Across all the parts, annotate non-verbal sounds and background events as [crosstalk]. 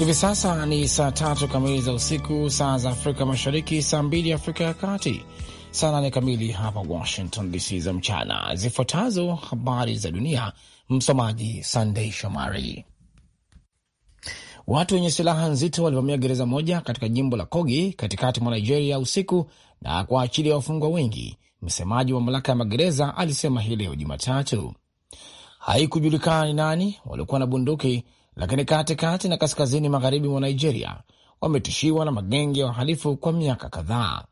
Hivi sasa ni saa tatu kamili za usiku, saa za Afrika Mashariki, saa mbili Afrika ya Kati, saa nane kamili hapa Washington DC za mchana. Zifuatazo habari za dunia, msomaji Sandei Shomari. Watu wenye silaha nzito walivamia gereza moja katika jimbo la Kogi katikati mwa Nigeria usiku na kuwaachilia wafungwa wengi, msemaji wa mamlaka ya magereza alisema hii leo Jumatatu. Haikujulikana ni nani waliokuwa na bunduki lakini katikati na kaskazini magharibi mwa Nigeria wametishiwa na magenge ya wahalifu kwa miaka kadhaa.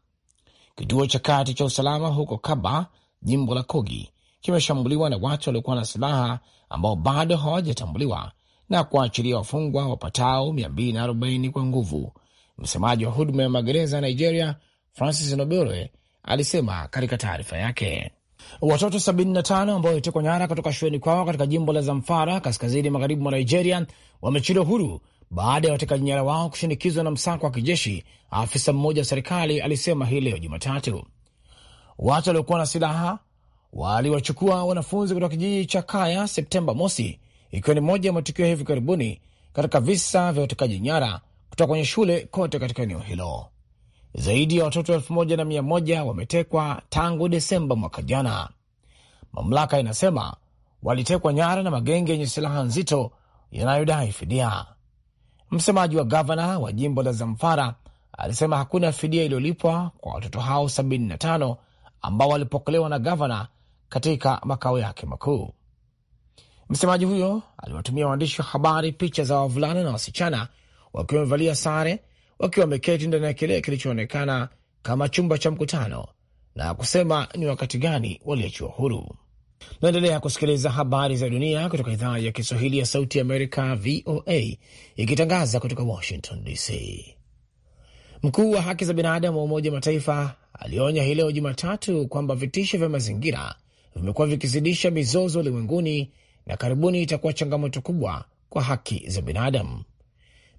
Kituo cha kati cha usalama huko Kaba, jimbo la Kogi, kimeshambuliwa na watu waliokuwa na silaha ambao bado hawajatambuliwa na kuachilia wafungwa wapatao 240 kwa nguvu. Msemaji wa huduma ya magereza ya Nigeria, Francis Nobere, alisema katika taarifa yake. Watoto 75 ambao walitekwa nyara kutoka shuleni kwao katika jimbo la Zamfara, kaskazini magharibi mwa Nigeria, wamechiliwa huru baada ya watekaji nyara wao kushinikizwa na msako wa kijeshi, afisa mmoja wa serikali alisema hii leo Jumatatu. Watu waliokuwa na silaha waliwachukua wanafunzi kutoka kijiji cha Kaya Septemba mosi, ikiwa ni moja ya matukio hivi karibuni katika visa vya utekaji nyara kutoka kwenye shule kote katika eneo hilo. Zaidi ya watoto elfu moja na mia moja wametekwa tangu Desemba mwaka jana. Mamlaka inasema walitekwa nyara na magenge yenye silaha nzito yanayodai fidia. Msemaji wa gavana wa jimbo la Zamfara alisema hakuna fidia iliyolipwa kwa watoto hao 75 ambao walipokelewa na gavana katika makao yake makuu. Msemaji huyo aliwatumia waandishi wa habari picha za wavulana na wasichana wakiwa wamevalia sare wakiwa wameketi ndani ya kile kilichoonekana kama chumba cha mkutano na kusema ni wakati gani waliachiwa huru. Naendelea kusikiliza habari za dunia kutoka idhaa ya Kiswahili ya Sauti ya Amerika, VOA, ikitangaza kutoka Washington DC. Mkuu wa haki za binadamu wa Umoja Mataifa alionya hii leo Jumatatu kwamba vitisho vya mazingira vimekuwa vikizidisha mizozo ulimwenguni na karibuni itakuwa changamoto kubwa kwa haki za binadamu.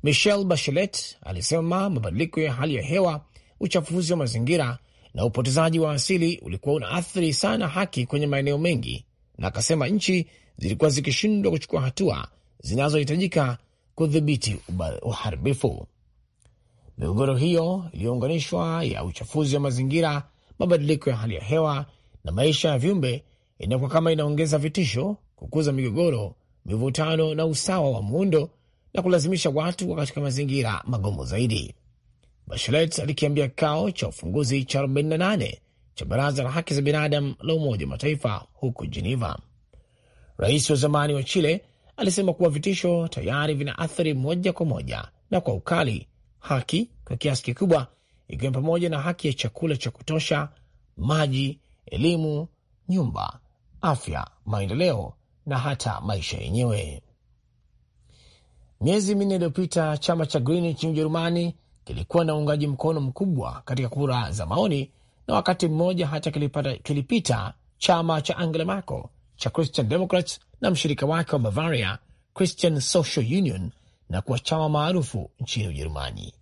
Michelle Bachelet alisema mabadiliko ya hali ya hewa, uchafuzi wa mazingira na upotezaji wa asili ulikuwa unaathiri sana haki kwenye maeneo mengi, na akasema nchi zilikuwa zikishindwa kuchukua hatua zinazohitajika kudhibiti uharibifu. Migogoro hiyo iliyounganishwa ya uchafuzi wa mazingira, mabadiliko ya hali ya hewa na maisha ya viumbe inakuwa kama inaongeza vitisho, kukuza migogoro, mivutano na usawa wa muundo na kulazimisha watu katika mazingira magumu zaidi. Bachelet alikiambia kikao cha ufunguzi cha 48 cha Baraza la Haki za Binadamu la Umoja wa Mataifa huko Geneva. Rais wa zamani wa Chile alisema kuwa vitisho tayari vina athari moja kwa moja na kwa ukali haki kwa kiasi kikubwa, ikiwa pamoja na haki ya chakula cha kutosha, maji, elimu, nyumba, afya, maendeleo na hata maisha yenyewe. Miezi minne iliyopita chama cha Green nchini Ujerumani kilikuwa na uungaji mkono mkubwa katika kura za maoni, na wakati mmoja hata kilipata, kilipita chama cha Angela Merkel cha Christian Democrats na mshirika wake wa Bavaria Christian Social Union na kuwa chama maarufu nchini Ujerumani.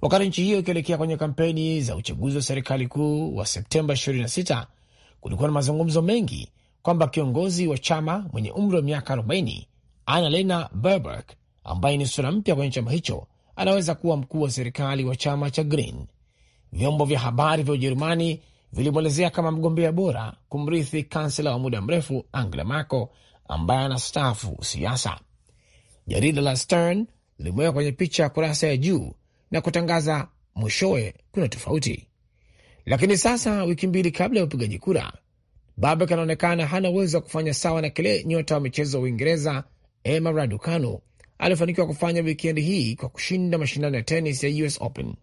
Wakati nchi hiyo ikielekea kwenye kampeni za uchaguzi wa serikali kuu wa Septemba 26, kulikuwa na mazungumzo mengi kwamba kiongozi wa chama mwenye umri wa miaka 40 Annalena Baerbock ambaye ni sura mpya kwenye chama hicho anaweza kuwa mkuu wa serikali wa chama cha Green. Vyombo vya habari vya Ujerumani vilimwelezea kama mgombea bora kumrithi kansela wa muda mrefu Angela Merkel ambaye anastaafu siasa. Jarida la Stern limewekwa kwenye picha ya kurasa ya juu na kutangaza mwishowe kuna tofauti. Lakini sasa, wiki mbili kabla ya upigaji kura, Babek anaonekana hana uwezo wa kufanya sawa na kile nyota wa michezo wa Uingereza Emma Raducanu alifanikiwa kufanya wikendi hii kwa kushinda mashindano ya tenis ya US Open.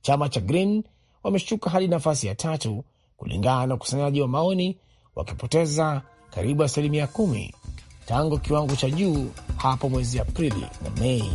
Chama cha Green wameshuka hadi nafasi ya tatu kulingana na ukusanyaji wa maoni, wakipoteza karibu asilimia kumi tangu kiwango cha juu hapo mwezi Aprili na Mei.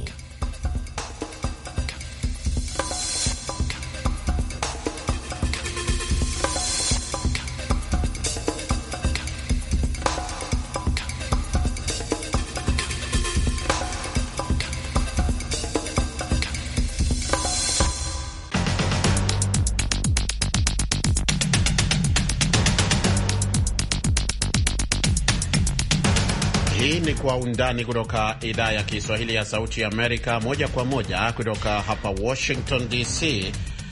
kwa undani kutoka idhaa ya Kiswahili ya Sauti ya Amerika, moja kwa moja kutoka hapa Washington DC,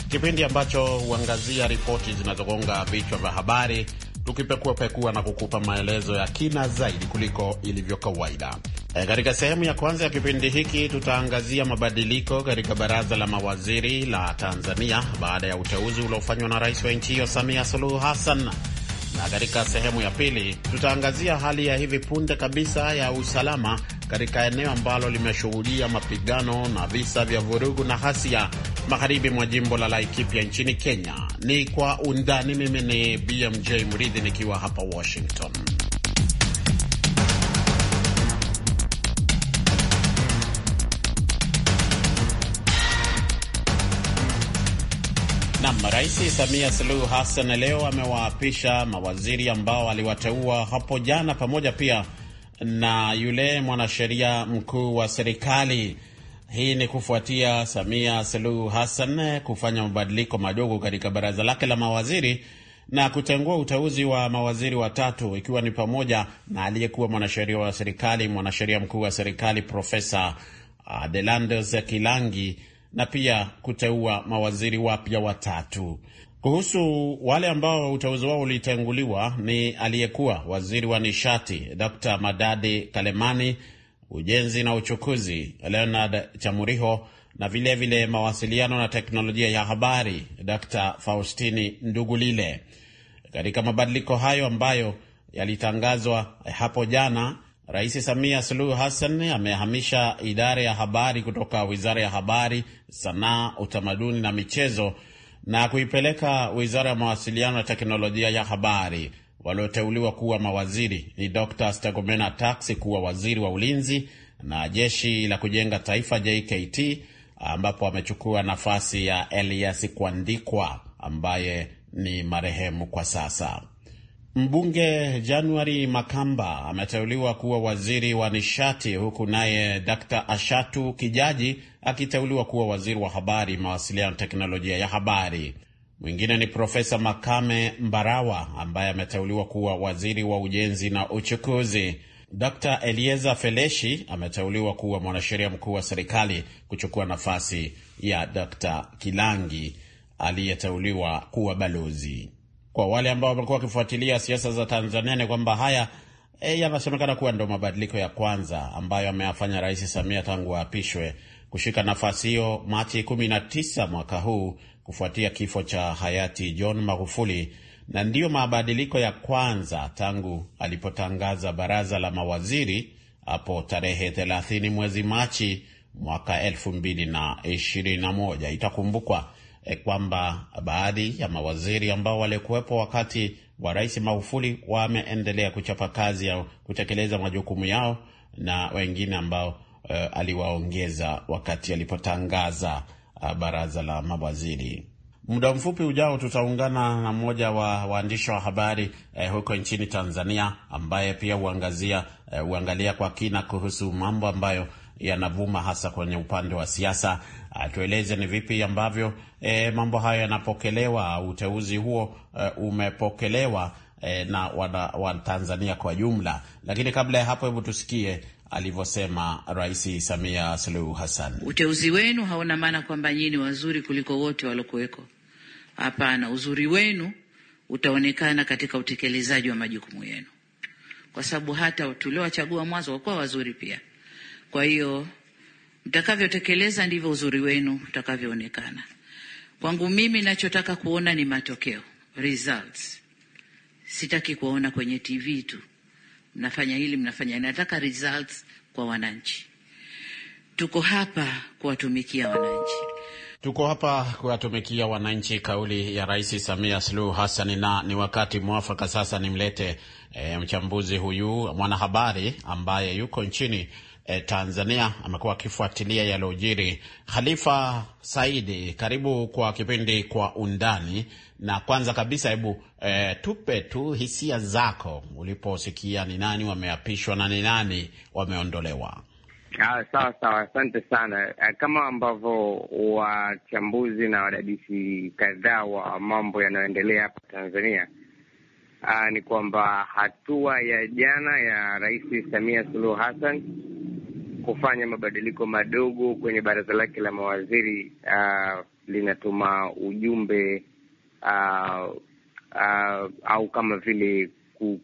kipindi ambacho huangazia ripoti zinazogonga vichwa vya habari, tukipekuapekua na kukupa maelezo ya kina zaidi kuliko ilivyo kawaida. E, katika sehemu ya kwanza ya kipindi hiki tutaangazia mabadiliko katika baraza la mawaziri la Tanzania baada ya uteuzi uliofanywa na rais wa nchi hiyo Samia Suluhu Hassan na katika sehemu ya pili tutaangazia hali ya hivi punde kabisa ya usalama katika eneo ambalo limeshuhudia mapigano na visa vya vurugu na hasia magharibi mwa jimbo la Laikipia nchini Kenya. Ni kwa undani. Mimi ni BMJ Mridhi nikiwa hapa Washington. Rais Samia Suluhu Hassan leo amewaapisha mawaziri ambao aliwateua hapo jana, pamoja pia na yule mwanasheria mkuu wa serikali. Hii ni kufuatia Samia Suluhu Hassan kufanya mabadiliko madogo katika baraza lake la mawaziri na kutengua uteuzi wa mawaziri watatu ikiwa ni pamoja na aliyekuwa mwanasheria wa serikali, mwanasheria mkuu wa serikali Profesa Adelandos Kilangi na pia kuteua mawaziri wapya watatu. Kuhusu wale ambao uteuzi wao ulitenguliwa ni aliyekuwa waziri wa nishati Dr. Madadi Kalemani, ujenzi na uchukuzi Leonard Chamuriho na vilevile vile mawasiliano na teknolojia ya habari Dr. Faustini Ndugulile. Katika mabadiliko hayo ambayo yalitangazwa eh, hapo jana Rais Samia Suluhu Hassan amehamisha idara ya habari kutoka wizara ya habari, sanaa, utamaduni na michezo na kuipeleka wizara ya mawasiliano na teknolojia ya habari. Walioteuliwa kuwa mawaziri ni Dr stagomena Tax kuwa waziri wa ulinzi na jeshi la kujenga taifa JKT, ambapo amechukua nafasi ya Elias Kwandikwa ambaye ni marehemu kwa sasa. Mbunge January Makamba ameteuliwa kuwa waziri wa nishati huku naye Dr. Ashatu Kijaji akiteuliwa kuwa waziri wa habari, mawasiliano na teknolojia ya habari. Mwingine ni Profesa Makame Mbarawa ambaye ameteuliwa kuwa waziri wa ujenzi na uchukuzi. Dr. Elieza Feleshi ameteuliwa kuwa mwanasheria mkuu wa serikali kuchukua nafasi ya Dr. Kilangi aliyeteuliwa kuwa balozi. Kwa wale ambao wamekuwa wakifuatilia siasa za Tanzania ni kwamba haya e, yanasemekana kuwa ndo mabadiliko ya kwanza ambayo ameyafanya Rais Samia tangu aapishwe kushika nafasi hiyo Machi 19 mwaka huu kufuatia kifo cha hayati John Magufuli, na ndiyo mabadiliko ya kwanza tangu alipotangaza baraza la mawaziri hapo tarehe 30 mwezi Machi mwaka 2021. Itakumbukwa E kwamba baadhi ya mawaziri ambao walikuwepo wakati wa Rais Magufuli wameendelea kuchapa kazi ya kutekeleza majukumu yao na wengine ambao e, aliwaongeza wakati alipotangaza e, baraza la mawaziri. Muda mfupi ujao tutaungana na mmoja wa waandishi wa habari eh, huko nchini Tanzania ambaye pia huangazia eh, huangalia kwa kina kuhusu mambo ambayo yanavuma hasa kwenye upande wa siasa atueleze ah, ni vipi ambavyo e, mambo hayo yanapokelewa, uteuzi huo e, umepokelewa e, na Watanzania kwa jumla. Lakini kabla ya hapo, hebu tusikie alivyosema Rais Samia Suluhu Hassan. Uteuzi wenu hauna maana kwamba nyinyi ni wazuri kuliko wote waliokuweko. Hapana, uzuri wenu utaonekana katika utekelezaji wa majukumu yenu, kwa sababu hata tuliowachagua mwanzo wakuwa wazuri pia. Kwa hiyo Mtakavyotekeleza ndivyo uzuri wenu utakavyoonekana. Kwangu mimi nachotaka kuona ni matokeo, results. Sitaki kuona kwenye TV tu mnafanya hili mnafanya, nataka results kwa wananchi. Tuko hapa kuwatumikia wananchi, tuko hapa kuwatumikia wananchi. Kauli ya Rais Samia Suluhu Hassan. Na ni wakati mwafaka sasa nimlete e, mchambuzi huyu mwanahabari ambaye yuko nchini eh, Tanzania amekuwa akifuatilia yaliyojiri. Khalifa Saidi, karibu kwa kipindi Kwa Undani, na kwanza kabisa hebu eh, tupe tu hisia zako uliposikia ni nani wameapishwa na ni nani wameondolewa. Ah, sawa sawa, asante sana. E, kama ambavyo wachambuzi na wadadisi kadhaa wa mambo yanayoendelea hapa Tanzania aa, ah, ni kwamba hatua ya jana ya Rais Samia Suluhu Hassan kufanya mabadiliko madogo kwenye baraza lake la mawaziri aa, ah, linatuma ujumbe aa, ah, aa, au kama vile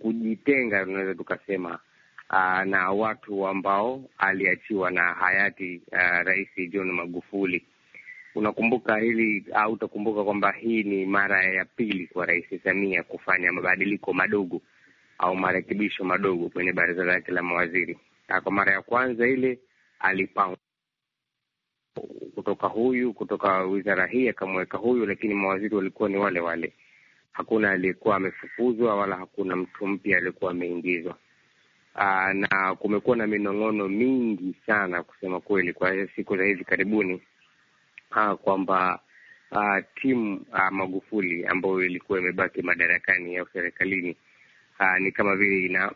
kujitenga tunaweza tukasema aa, na watu ambao aliachiwa na hayati aa, Rais John Magufuli unakumbuka hili au utakumbuka kwamba hii ni mara ya pili kwa Rais Samia kufanya mabadiliko madogo au marekebisho madogo kwenye baraza lake la mawaziri. Kwa mara ya kwanza ile alipangwa kutoka huyu kutoka wizara hii akamweka huyu, lakini mawaziri walikuwa ni wale wale. Hakuna aliyekuwa amefukuzwa wala hakuna mtu mpya aliyekuwa ameingizwa. Na kumekuwa na minong'ono mingi sana kusema kweli, kwa siku za hivi karibuni uh, kwamba uh, timu uh, Magufuli ambayo ilikuwa imebaki madarakani au serikalini uh, ni kama vile ina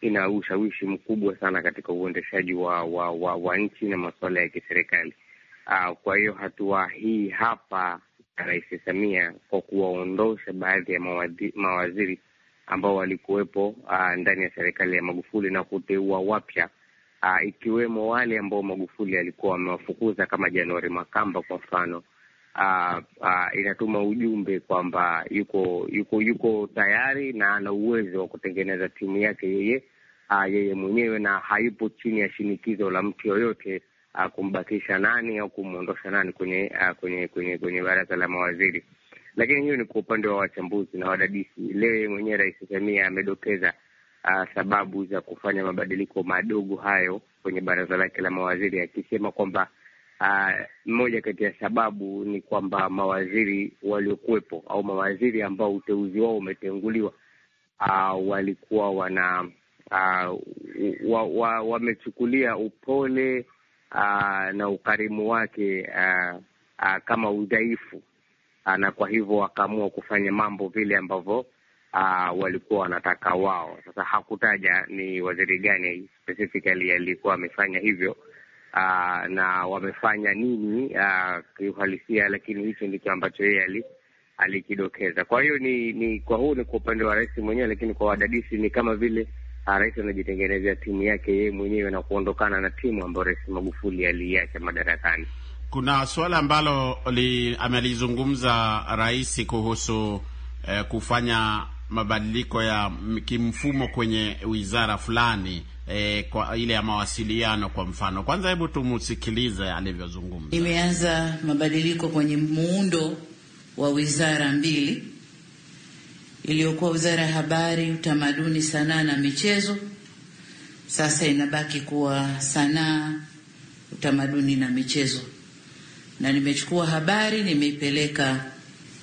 ina ushawishi mkubwa sana katika uendeshaji wa, wa, wa, wa nchi na masuala ya kiserikali. Uh, kwa hiyo hatua hii hapa Rais Samia kwa kuwaondosha baadhi ya mawadi, mawaziri ambao walikuwepo uh, ndani ya serikali ya Magufuli na kuteua wapya uh, ikiwemo wale ambao Magufuli alikuwa amewafukuza kama Januari Makamba kwa mfano. Uh, uh, inatuma ujumbe kwamba yuko yuko yuko tayari na ana uwezo wa kutengeneza timu yake yeye uh, yeye mwenyewe na hayupo chini ya shinikizo la mtu yoyote uh, kumbakisha nani au kumwondosha nani kwenye, uh, kwenye kwenye kwenye baraza la mawaziri. Lakini hiyo ni kwa upande wa wachambuzi na wadadisi. Leo mwenyewe Rais Samia amedokeza uh, sababu za kufanya mabadiliko madogo hayo kwenye baraza lake la mawaziri, akisema kwamba uh, moja kati ya sababu ni kwamba mawaziri waliokuwepo au mawaziri ambao uteuzi wao umetenguliwa uh, walikuwa wana uh, wamechukulia wa, wa upole uh, na ukarimu wake uh, uh, kama udhaifu na kwa hivyo wakaamua kufanya mambo vile ambavyo uh, walikuwa wanataka wao. Sasa hakutaja ni waziri gani specifically alikuwa amefanya hivyo uh, na wamefanya nini uh, kiuhalisia, lakini hicho ndicho ambacho yeye alikidokeza. Kwa hiyo ni, ni kwa huu ni kwa upande wa rais mwenyewe, lakini kwa wadadisi ni kama vile rais anajitengenezea timu yake yeye mwenyewe na kuondokana na timu ambayo Rais Magufuli aliiacha madarakani. Kuna suala ambalo amelizungumza rais kuhusu eh, kufanya mabadiliko ya kimfumo kwenye wizara fulani e, kwa ile ya mawasiliano kwa mfano. Kwanza hebu tumsikilize alivyozungumza. Imeanza mabadiliko kwenye muundo wa wizara mbili, iliyokuwa wizara ya habari, utamaduni, sanaa na michezo, sasa inabaki kuwa sanaa, utamaduni na michezo, na nimechukua habari nimeipeleka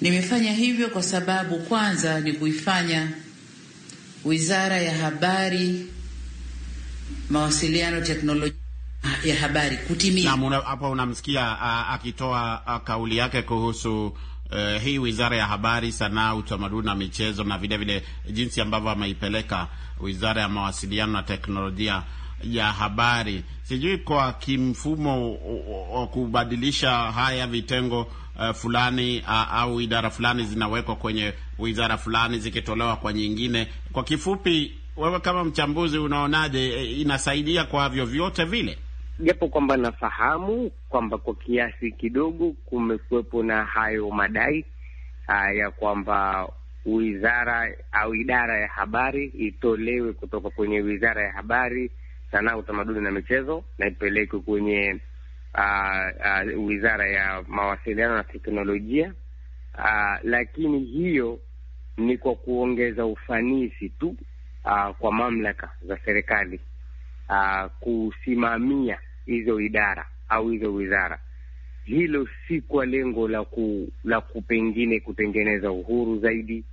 Nimefanya hivyo kwa sababu kwanza ni kuifanya Wizara ya Habari, Mawasiliano, Teknolojia ya Habari kutimia. Hapo unamsikia akitoa kauli yake kuhusu Uh, hii wizara ya habari, sanaa, utamaduni na michezo na vilevile jinsi ambavyo ameipeleka wizara ya mawasiliano na teknolojia ya habari. Sijui kwa kimfumo wa kubadilisha haya vitengo uh, fulani uh, au idara fulani zinawekwa kwenye wizara fulani zikitolewa kwa nyingine. Kwa kifupi, wewe kama mchambuzi unaonaje, e, inasaidia kwa vyovyote vile? Japo kwamba nafahamu kwamba kwa kiasi kidogo kumekuwepo na hayo madai uh, ya kwamba wizara au idara ya habari itolewe kutoka kwenye wizara ya habari sanaa, utamaduni na michezo na ipelekwe kwenye uh, uh, wizara ya mawasiliano na teknolojia uh, lakini hiyo ni kwa kuongeza ufanisi tu uh, kwa mamlaka za serikali uh, kusimamia hizo idara au hizo wizara. Hilo si kwa lengo la ku, la kupengine kutengeneza uhuru zaidi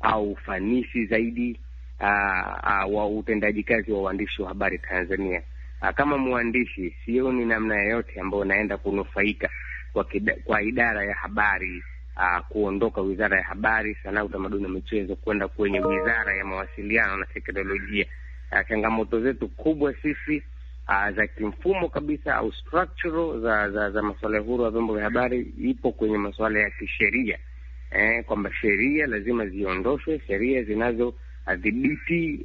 au ufanisi zaidi Ah, ah, wa utendaji kazi wa uandishi wa habari Tanzania. Aa, ah, kama mwandishi sioni namna yoyote ambayo naenda kunufaika kwa, kida, kwa idara ya habari aa, kuondoka wizara ya habari, sanaa, utamaduni na michezo kwenda kwenye wizara ya mawasiliano na teknolojia. Changamoto zetu kubwa sisi Uh, za kimfumo kabisa au structural za za, za masuala ya uhuru wa vyombo vya habari ipo kwenye masuala ya kisheria eh, kwamba sheria lazima ziondoshwe, sheria zinazo adhibiti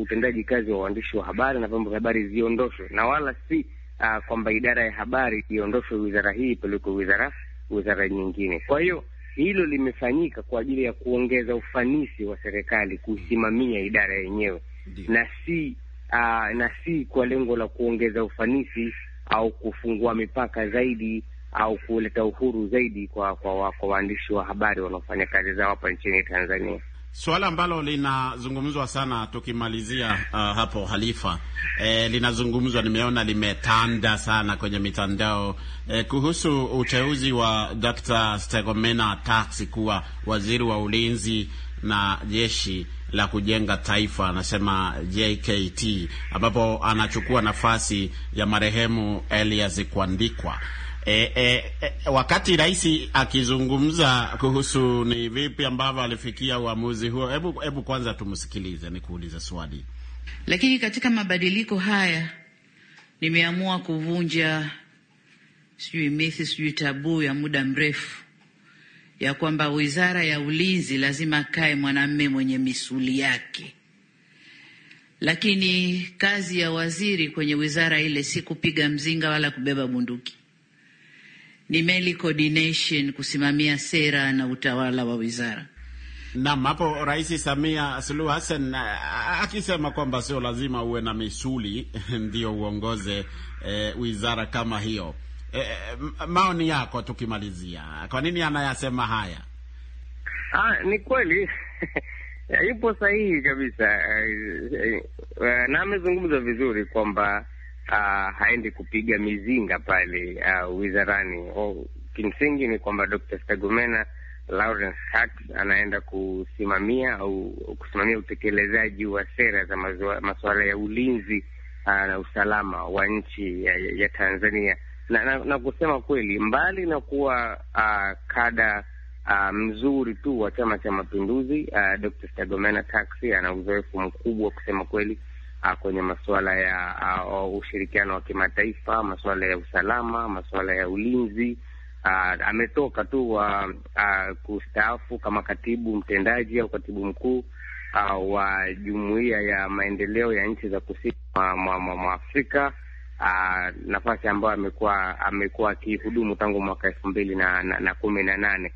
utendaji kazi wa waandishi wa habari na vyombo vya habari ziondoshwe, na wala si uh, kwamba idara ya habari iondoshwe wizara hii ipelekwe wizara wizara nyingine. Kwa hiyo hilo limefanyika kwa ajili ya kuongeza ufanisi wa serikali kusimamia idara yenyewe na si uh, na si kwa lengo la kuongeza ufanisi au kufungua mipaka zaidi au kuleta uhuru zaidi kwa kwa, kwa waandishi wa habari wanaofanya kazi zao hapa nchini Tanzania. Swala ambalo linazungumzwa sana tukimalizia uh, hapo Halifa, e, linazungumzwa nimeona limetanda sana kwenye mitandao e, kuhusu uteuzi wa Dr. Stegomena Tax kuwa waziri wa ulinzi na jeshi la kujenga taifa, anasema JKT, ambapo anachukua nafasi ya marehemu Elias Kwandikwa. E, e, e, wakati rais akizungumza kuhusu ni vipi ambavyo alifikia uamuzi huo, hebu hebu kwanza tumsikilize, nikuulize swali. Lakini katika mabadiliko haya nimeamua kuvunja sijui mithi sijui tabuu ya muda mrefu ya kwamba wizara ya ulinzi lazima akae mwanamme mwenye misuli yake, lakini kazi ya waziri kwenye wizara ile si kupiga mzinga wala kubeba bunduki ni meli Coordination, kusimamia sera na utawala wa wizara Nam hapo Rais Samia Suluhu Hassan eh, akisema kwamba sio lazima uwe na misuli [laughs] ndio uongoze e, wizara kama hiyo. E, maoni yako tukimalizia, kwa nini anayasema haya? Ha, ah, ni kweli [laughs] yupo sahihi kabisa, na amezungumza vizuri kwamba uh, haendi kupiga mizinga pale uh, wizarani. Oh, kimsingi ni kwamba Dr. stagomena Lawrence Hart anaenda kusimamia au kusimamia utekelezaji wa sera za masuala ya ulinzi uh, na usalama wa nchi ya, ya Tanzania na, na, na kusema kweli, mbali na kuwa uh, kada Uh, mzuri tu wa Chama cha Mapinduzi. Uh, Dr. Stagomena Tax ana uzoefu mkubwa kusema kweli Uh, kwenye masuala ya uh, ushirikiano wa kimataifa, masuala ya usalama, masuala ya ulinzi. Uh, ametoka tu uh, uh, kustaafu kama katibu mtendaji au katibu mkuu uh, wa jumuiya ya maendeleo ya nchi za kusini mwa, mwa, mwa Afrika uh, nafasi ambayo amekuwa amekuwa akihudumu tangu mwaka elfu mbili na, na, na kumi na nane.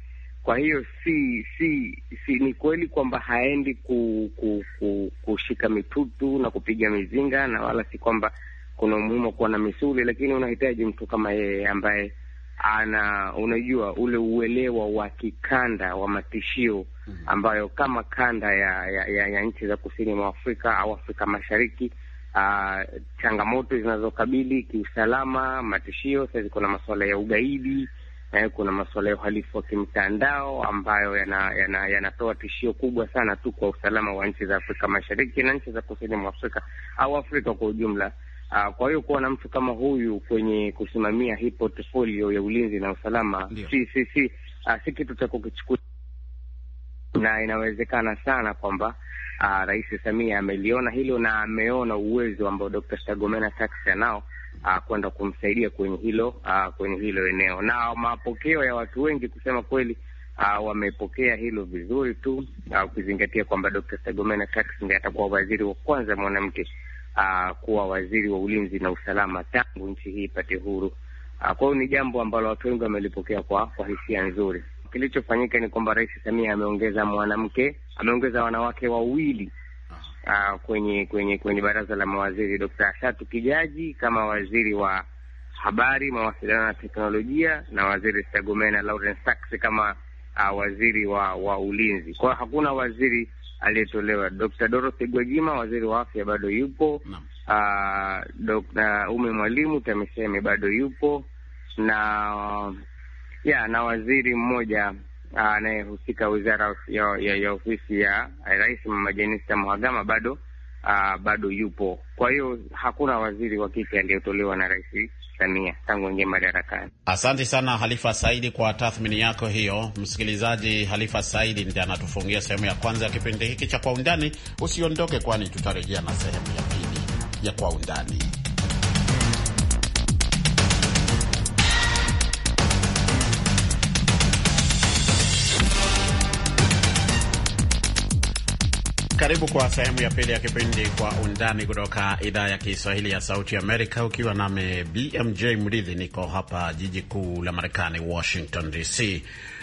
Kwa hiyo si si si ni kweli kwamba haendi ku, ku, ku, kushika mitutu na kupiga mizinga, na wala si kwamba kuna umuhimu wa kuwa na misuli, lakini unahitaji mtu kama yeye ambaye ana unajua ule uelewa wa kikanda wa matishio mhm. ambayo kama kanda ya, ya, ya, ya nchi za kusini mwa Afrika au Afrika Mashariki uh, changamoto zinazokabili kiusalama, matishio sasa, kuna masuala ya ugaidi eh, kuna masuala ya uhalifu wa kimtandao ambayo yanatoa yana, yana tishio kubwa sana tu kwa usalama wa nchi za Afrika Mashariki na nchi za kusini mwa Afrika au Afrika kwa ujumla. Uh, kwa hiyo kuwa na mtu kama huyu kwenye kusimamia hii portfolio ya ulinzi na usalama si, si, si, uh, si kitu cha kukichukua, na inawezekana sana kwamba uh, Rais Samia ameliona hilo na ameona uwezo ambao Dr. Stergomena Tax anao uh, kwenda kumsaidia kwenye hilo uh, kwenye hilo eneo, na mapokeo ya watu wengi kusema kweli uh, wamepokea hilo vizuri tu, ukizingatia uh, kwamba Dr. Stergomena Tax atakuwa waziri wa kwanza mwanamke uh, kuwa waziri wa ulinzi na usalama tangu nchi hii ipate huru. Uh, kwa hiyo ni jambo ambalo watu wengi wamelipokea kwa, kwa hisia nzuri. Kilichofanyika ni kwamba Rais Samia ameongeza mwanamke, ameongeza wanawake wawili uh, kwenye kwenye kwenye baraza la mawaziri d Ashatu Kijaji kama waziri wa habari, mawasiliano na teknolojia na waziri Stergomena Lawrence Tax kama uh, waziri wa wa ulinzi. Kwa hiyo hakuna waziri aliyetolewa. Dr. Dorothy Gwajima waziri wa afya bado yupo. Uh, Ume Mwalimu TAMISEMI bado yupo na ya na waziri mmoja anayehusika wizara ya, ya, ya ofisi ya Rais Mama Jenista Mhagama bado uh, bado yupo. Kwa hiyo hakuna waziri wa kike aliyotolewa na Rais Samia tangu ingie madarakani. Asante sana Halifa Saidi kwa tathmini yako hiyo. Msikilizaji, Halifa Saidi ndiye anatufungia sehemu ya kwanza ya kipindi hiki cha Kwa Undani. Usiondoke, kwani tutarejea na sehemu ya pili ya Kwa Undani. Karibu kwa sehemu ya pili ya kipindi Kwa Undani kutoka idhaa ya Kiswahili ya Sauti Amerika, ukiwa nami BMJ Mridhi. Niko hapa jiji kuu la Marekani, Washington DC.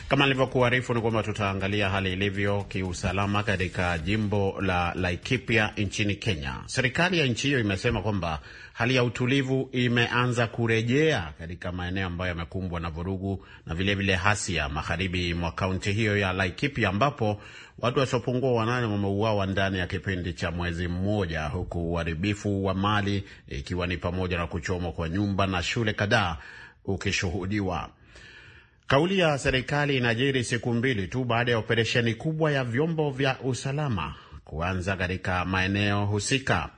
Kama nilivyokuarifu ni kwamba tutaangalia hali ilivyo kiusalama katika jimbo la Laikipia nchini Kenya. Serikali ya nchi hiyo imesema kwamba hali ya utulivu imeanza kurejea katika maeneo ambayo yamekumbwa na vurugu na vilevile hasia magharibi mwa kaunti hiyo ya Laikipia, ambapo watu wasiopungua wanane wameuawa ndani ya kipindi cha mwezi mmoja, huku uharibifu wa mali ikiwa ni pamoja na kuchomwa kwa nyumba na shule kadhaa ukishuhudiwa. Kauli ya serikali inajiri siku mbili tu baada ya operesheni kubwa ya vyombo vya usalama kuanza katika maeneo husika.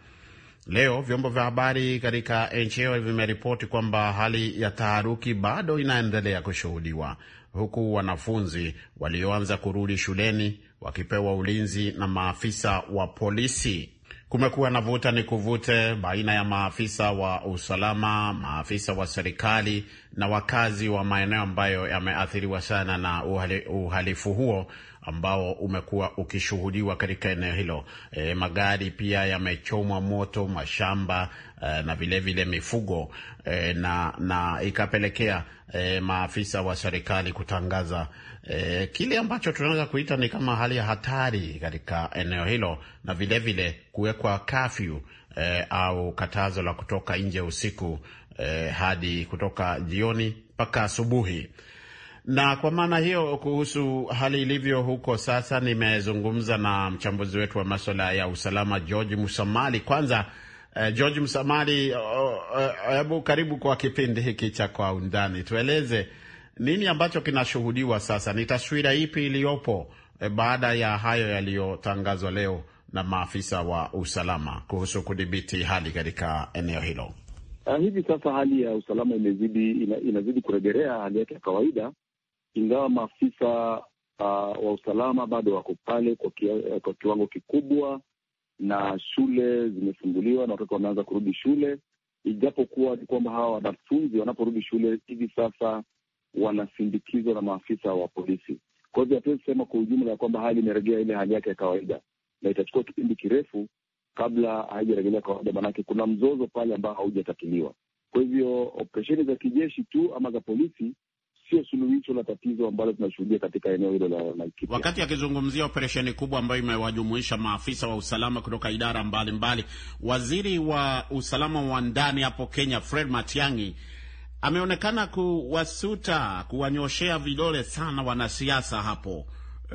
Leo vyombo vya habari katika nchi hiyo vimeripoti kwamba hali ya taharuki bado inaendelea kushuhudiwa huku wanafunzi walioanza kurudi shuleni wakipewa ulinzi na maafisa wa polisi. Kumekuwa na vuta ni kuvute baina ya maafisa wa usalama, maafisa wa serikali na wakazi wa maeneo ambayo yameathiriwa sana na uhali, uhalifu huo ambao umekuwa ukishuhudiwa katika eneo hilo. E, magari pia yamechomwa moto, mashamba e, na vilevile vile mifugo e, na, na ikapelekea e, maafisa wa serikali kutangaza e, kile ambacho tunaweza kuita ni kama hali ya hatari katika eneo hilo na vilevile kuwekwa kafyu e, au katazo la kutoka nje usiku e, hadi kutoka jioni mpaka asubuhi. Na kwa maana hiyo, kuhusu hali ilivyo huko sasa, nimezungumza na mchambuzi wetu wa maswala ya usalama George Musamali. Kwanza eh, George Musamali, hebu oh, oh, karibu kwa kipindi hiki cha Kwa Undani, tueleze nini ambacho kinashuhudiwa sasa, ni taswira ipi iliyopo eh, baada ya hayo yaliyotangazwa leo na maafisa wa usalama kuhusu kudhibiti hali katika eneo hilo? Uh, hivi sasa hali ya usalama imezidi ina, inazidi kurejelea hali yake ya kawaida ingawa maafisa uh, wa usalama bado wako pale kwa, kia, kwa kiwango kikubwa, na shule zimefunguliwa na watoto wameanza kurudi shule, ijapokuwa ni kwamba hawa wanafunzi wanaporudi shule hivi sasa wanasindikizwa na maafisa wa polisi. Kwa hivyo hatuwezi sema kwa ujumla ya kwamba hali imeregea ile hali yake ya kawaida, na itachukua kipindi kirefu kabla haijaregelea kawaida, maanake kuna mzozo pale ambao haujatatuliwa. Kwa hivyo operesheni za kijeshi tu ama za polisi sio suluhisho la tatizo ambalo tunashuhudia katika eneo hilo la Laikipia. Wakati akizungumzia operesheni kubwa ambayo imewajumuisha maafisa wa usalama kutoka idara mbalimbali mbali, waziri wa usalama wa ndani hapo Kenya Fred Matiang'i ameonekana kuwasuta kuwanyoshea vidole sana wanasiasa hapo.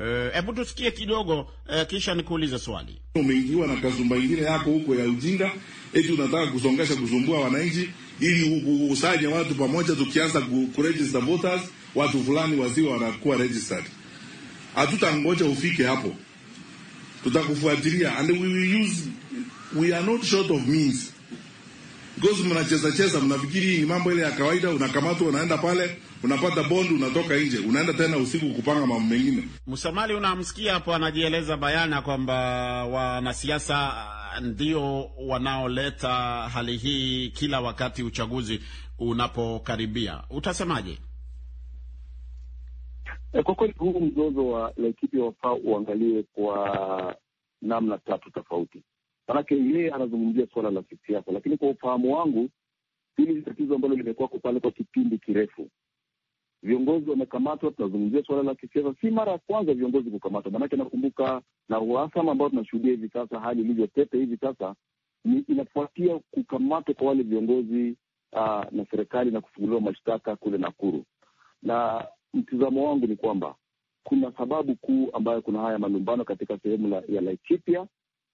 Eh, hebu e, tusikie kidogo e, kisha nikuulize swali. Umeingiwa na kazumba ingine yako huko ya ujinga, eti unataka kusongesha kusumbua wananchi ili ukusanye watu pamoja, tukianza kuregister voters, watu fulani wazio wanakuwa registered. Hatutangoja ufike hapo, tutakufuatilia and we will use, we are not short of means because mnacheza cheza, mnafikiri ni mambo ile ya kawaida. Unakamatwa, unaenda pale, unapata bond, unatoka nje, unaenda tena usiku kupanga mambo mengine. Msomali, unamsikia hapo anajieleza bayana kwamba wanasiasa ndio wanaoleta hali hii kila wakati uchaguzi unapokaribia. Utasemaje? Eh, kwa kweli huu mzozo wa Laikipia wafaa uangalie kwa namna tatu tofauti, manake yeye anazungumzia suala la kisiasa, lakini kwa ufahamu wangu hili ni tatizo ambalo limekuwako pale kwa kipindi kirefu viongozi wamekamatwa. Tunazungumzia suala la kisiasa, si mara ya kwanza viongozi kukamatwa, maanake nakumbuka na uhasama ambao tunashuhudia hivi sasa, hali ilivyotete hivi sasa ni inafuatia kukamatwa kwa wale viongozi aa, ah, na serikali na kufunguliwa mashtaka kule Nakuru. Na mtizamo wangu ni kwamba kuna sababu kuu ambayo kuna haya malumbano katika sehemu ya Laikipia,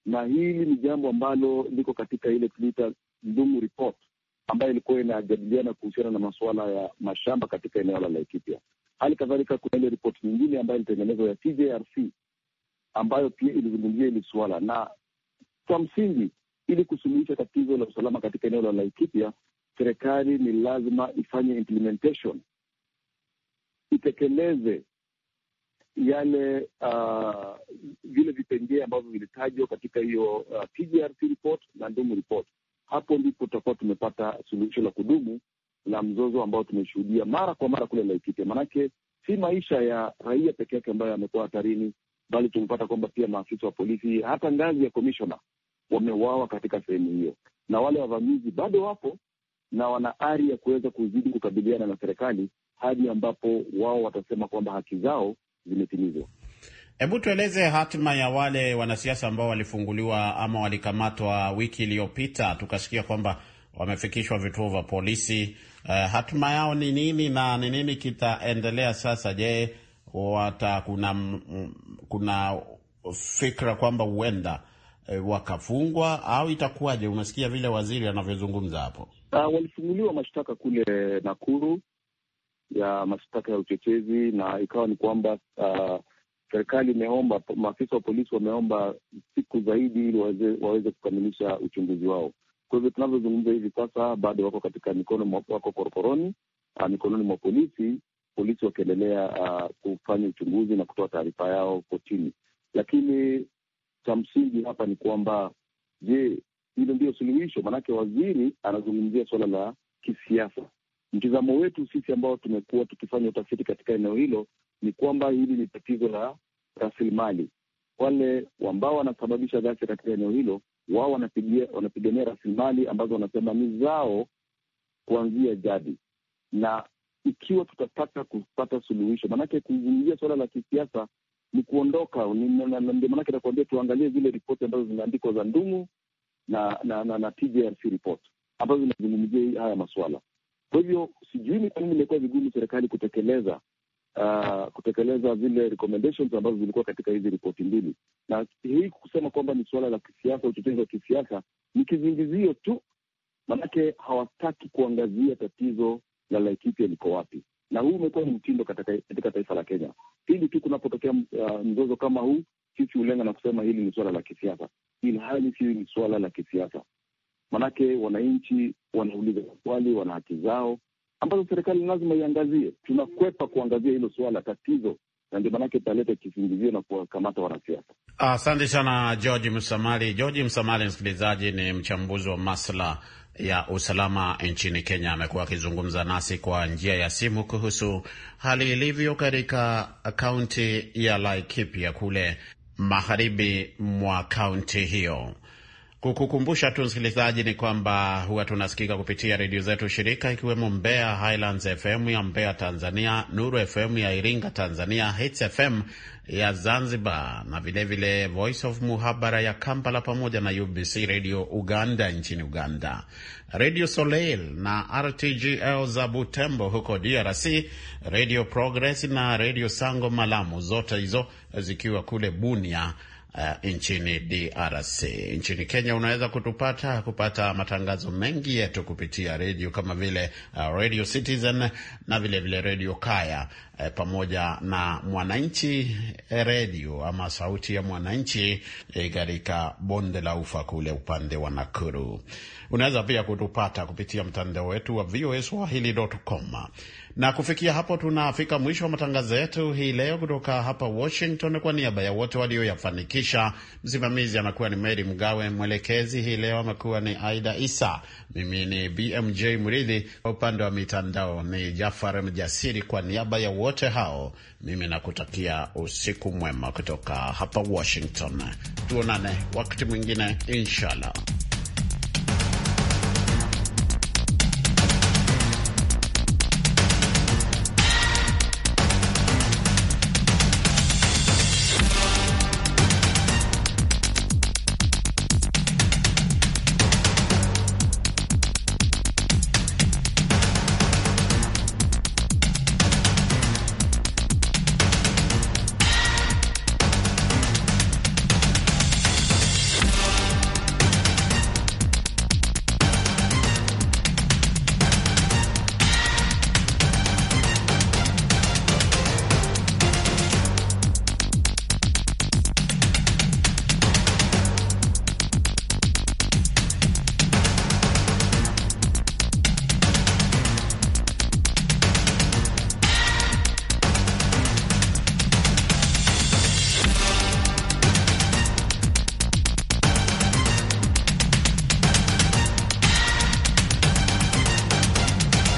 na hili ni jambo ambalo liko katika ile tuliita Ndumu report ambayo ilikuwa inajadiliana kuhusiana na masuala ya mashamba katika eneo la Laikipia. Hali kadhalika kuna ile ripoti nyingine ambayo ilitengenezwa ya TJRC ambayo pia ilizungumzia hili suala, na kwa msingi, ili kusuluhisha tatizo la usalama katika eneo la Laikipia, serikali ni lazima ifanye implementation, itekeleze yale uh, vile vipengee ambavyo vilitajwa katika hiyo uh, TJRC report na Ndumu report hapo ndipo tutakuwa tumepata suluhisho la kudumu la mzozo ambao tumeshuhudia mara kwa mara kule Laikipia. Maanake si maisha ya raia peke yake ambayo yamekuwa hatarini, bali tumepata kwamba pia maafisa wa polisi hata ngazi ya komishona wameuawa katika sehemu hiyo, na wale wavamizi bado wapo na wana ari ya kuweza kuzidi kukabiliana na serikali hadi ambapo wao watasema kwamba haki zao zimetimizwa. Hebu tueleze hatima ya wale wanasiasa ambao walifunguliwa ama walikamatwa wiki iliyopita, tukasikia kwamba wamefikishwa vituo vya polisi. Uh, hatima yao ni nini na ni nini kitaendelea sasa? Je, wata kuna, m, kuna fikra kwamba huenda e, wakafungwa au itakuwaje? Umesikia vile waziri anavyozungumza hapo. Uh, walifunguliwa mashtaka kule Nakuru ya mashtaka ya uchochezi na ikawa ni kwamba uh, serikali imeomba, maafisa wa polisi wameomba siku zaidi ili waweze, waweze kukamilisha uchunguzi wao. Kwa hivyo tunavyozungumza hivi sasa bado wako katika mikono, wako korokoroni, ah, mikononi mwa polisi, polisi wakiendelea ah, kufanya uchunguzi na kutoa taarifa yao kotini. Lakini cha msingi hapa ni kwamba, je, hilo ndio suluhisho? Maanake waziri anazungumzia suala la kisiasa. Mtizamo wetu sisi ambao tumekuwa tukifanya utafiti katika eneo hilo ni kwamba hili ni tatizo la rasilimali. Wale ambao wanasababisha ghasia katika eneo hilo, wao wanapigania rasilimali ambazo wanasema ni zao kuanzia jadi, na ikiwa tutataka kupata suluhisho, maanake kuzungumzia suala la kisiasa ni kuondoka. Ndio maanake nakuambia tuangalie zile ripoti ambazo zimeandikwa za Ndung'u na na, na, na TJRC report ambazo zinazungumzia haya masuala. Kwa hivyo sijui ni kwa nini imekuwa vigumu serikali kutekeleza uh, kutekeleza zile recommendations ambazo zilikuwa katika hizi ripoti mbili, na hii kusema kwamba ni suala la kisiasa, uchochezi wa kisiasa ni kizingizio tu, maanake hawataki kuangazia tatizo la Laikipia liko wapi, na huu umekuwa ni mtindo katika, katika taifa la Kenya. Pindi tu kunapotokea uh, mzozo kama huu, sisi hulenga na kusema hili ni suala la kisiasa, ili hali si ni suala la kisiasa, maanake wananchi wanauliza maswali, wana haki zao ambazo serikali lazima iangazie. Tunakwepa kuangazia hilo suala tatizo, na ndio maanake italeta kisingizio na kuwakamata wanasiasa. Asante ah, sana George Msamali. George Msamali, msikilizaji, ni mchambuzi wa masuala ya usalama nchini Kenya. Amekuwa akizungumza nasi kwa njia ya simu kuhusu hali ilivyo katika kaunti ya Laikipia kule magharibi mwa kaunti hiyo. Kukukumbusha tu msikilizaji, ni kwamba huwa tunasikika kupitia redio zetu shirika, ikiwemo Mbeya Highlands FM ya Mbeya Tanzania, Nuru FM ya Iringa Tanzania, Hits FM ya Zanzibar na vilevile Voice of Muhabara ya Kampala, pamoja na UBC Radio Uganda nchini Uganda, Radio Soleil na RTGL za Butembo huko DRC, Radio Progress na Radio Sango Malamu, zote hizo zikiwa kule Bunia uh, nchini DRC. Nchini Kenya unaweza kutupata kupata matangazo mengi yetu kupitia redio kama vile uh, Radio Citizen na vilevile vile Kaya uh, pamoja na Mwananchi redio ama sauti ya Mwananchi eh, katika uh, bonde la ufa kule upande wa Nakuru. Unaweza pia kutupata kupitia mtandao wetu wa voa Swahili.com. Na kufikia hapo tunafika mwisho wa matangazo yetu hii leo kutoka hapa Washington. Kwa niaba ya wote walioyafanikisha, msimamizi amekuwa ni Mary Mgawe, mwelekezi hii leo amekuwa ni Aida Isa, mimi ni BMJ Mridhi, kwa upande wa mitandao ni Jafar Mjasiri. Kwa niaba ya wote hao, mimi nakutakia usiku mwema kutoka hapa Washington. Tuonane wakati mwingine inshallah.